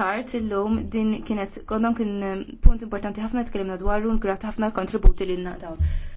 tard illum din kienet għandhom kien eh, punt importanti ħafna tkellimna dwaru, ngrat ħafna kontributi li nadaw.